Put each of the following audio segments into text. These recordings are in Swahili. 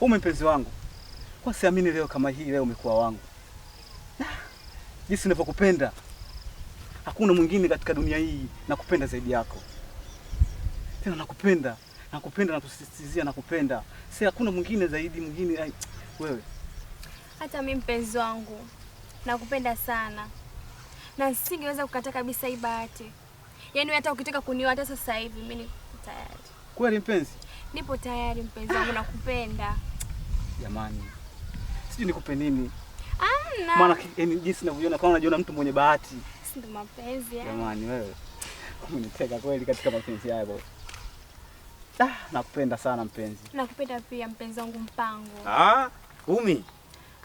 Ume mpenzi wangu, kwa siamini leo kama hii leo umekuwa wangu, na jinsi ninavyokupenda hakuna mwingine katika dunia hii nakupenda zaidi yako. Tena nakupenda nakupenda, kusisitizia, nakupenda, si hakuna mwingine zaidi mwingine. wewe hata mimi mpenzi wangu nakupenda sana, na singeweza kukataa kabisa hii bahati. Yaani hata ukitaka kunioa hata sasa hivi mimi niko tayari. Kweli mpenzi? Nipo tayari mpenzi wangu, nakupenda. Jamani, sijui nikupe nini? Amna. Maana jinsi ninavyoona kama unajiona mtu mwenye bahati. Si ndo mapenzi ya. Jamani wewe. Umeniteka kweli katika mapenzi yako bwana. Ah, nakupenda sana mpenzi. Nakupenda pia mpenzi wangu mpango. Ah, Umi.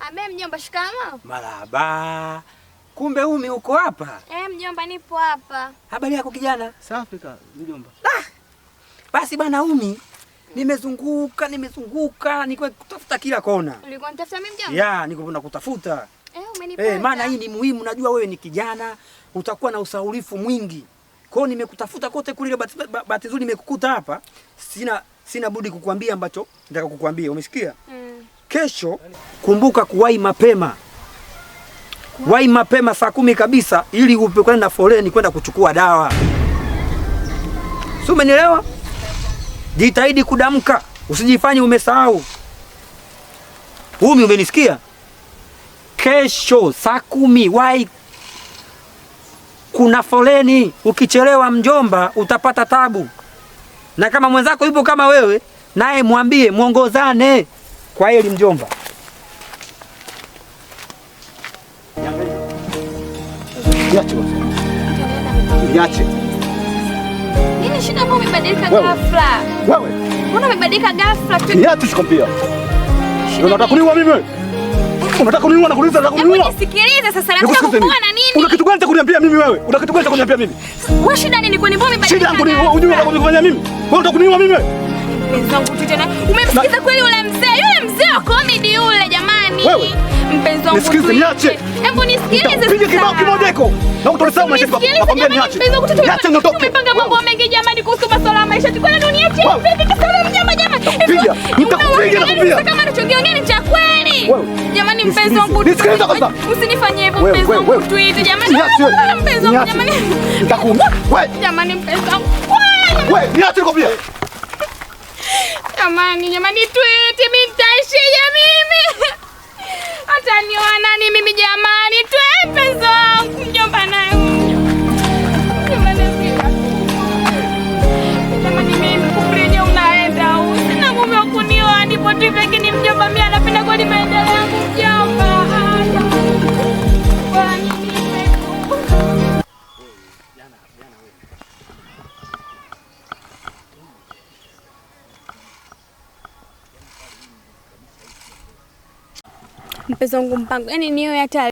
Ame ah, mjomba, shikama. Malaba. Kumbe Umi uko hapa? Eh, mjomba nipo hapa. Habari yako kijana? Safi ka mjomba. Ah. Basi bana Umi nimezunguka nimezunguka, niko kutafuta kila kona. Ulikuwa unatafuta mimi mjomba? Yeah, niko nakutafuta. Eh, umenipata. Eh, maana hii ni muhimu, najua wewe ni kijana, utakuwa na usahaulifu mwingi. Kwa hiyo nimekutafuta kote kule, bahati nzuri nimekukuta hapa. Sina sina budi kukuambia ambacho nataka kukuambia. Umesikia? Mm. Kesho kumbuka kuwahi mapema. Wahi mapema saa kumi kabisa ili upekane na foleni kwenda kuchukua dawa. Si umenielewa? Jitahidi kudamka, usijifanye umesahau. Umi, umenisikia? Kesho saa kumi wai, kuna foleni. Ukichelewa mjomba, utapata tabu. Na kama mwenzako yupo kama wewe, naye mwambie, mwongozane. Kwa heli mjomba. Niache. Niache. Nini shida hapo umebadilika ghafla? Wewe. Mbona umebadilika ghafla tu? Ni hatu sikwambia. Unataka kuniua mimi wewe? Unataka kuniua na kuuliza unataka kuniua? Nisikilize sasa nataka kukuua na nini? Una kitu gani cha kuniambia mimi wewe? Una kitu gani cha kuniambia mimi? Wewe shida nini kwani mbona umebadilika? Shida yangu unajua unataka kunifanya mimi? Wewe unataka kuniua mimi wewe? Mzangu tena. Umemsikiza kweli yule mzee? Yule mzee wa comedy yule jamani. Wewe. Nisikilize, niache. Hebu nisikilize sasa. Kibao kimoja iko. Na utasema maisha yako. Nakwambia niache. Niache ndio toke. Tumepanga mambo mengi jamani kuhusu masuala ya maisha. Tukwenda duniache. Vipi tusalele nyama jamani. Piga. Nitakupiga na kupiga. Yaani kama unachokiongea ni cha kweli. Jamani mpenzi wangu. Nisikilize kwanza. Usinifanyie hivyo mpenzi wangu. Tuite jamani. Niache. Mpenzi wangu jamani. Nitakuuma. Wewe. Jamani mpenzi wangu. Wewe niache nikwambia. Jamani, jamani tuite mimi nitaishije mimi? Utanioa nani mimi jamani? Twende mpenzi wangu mpango, yani niyo hata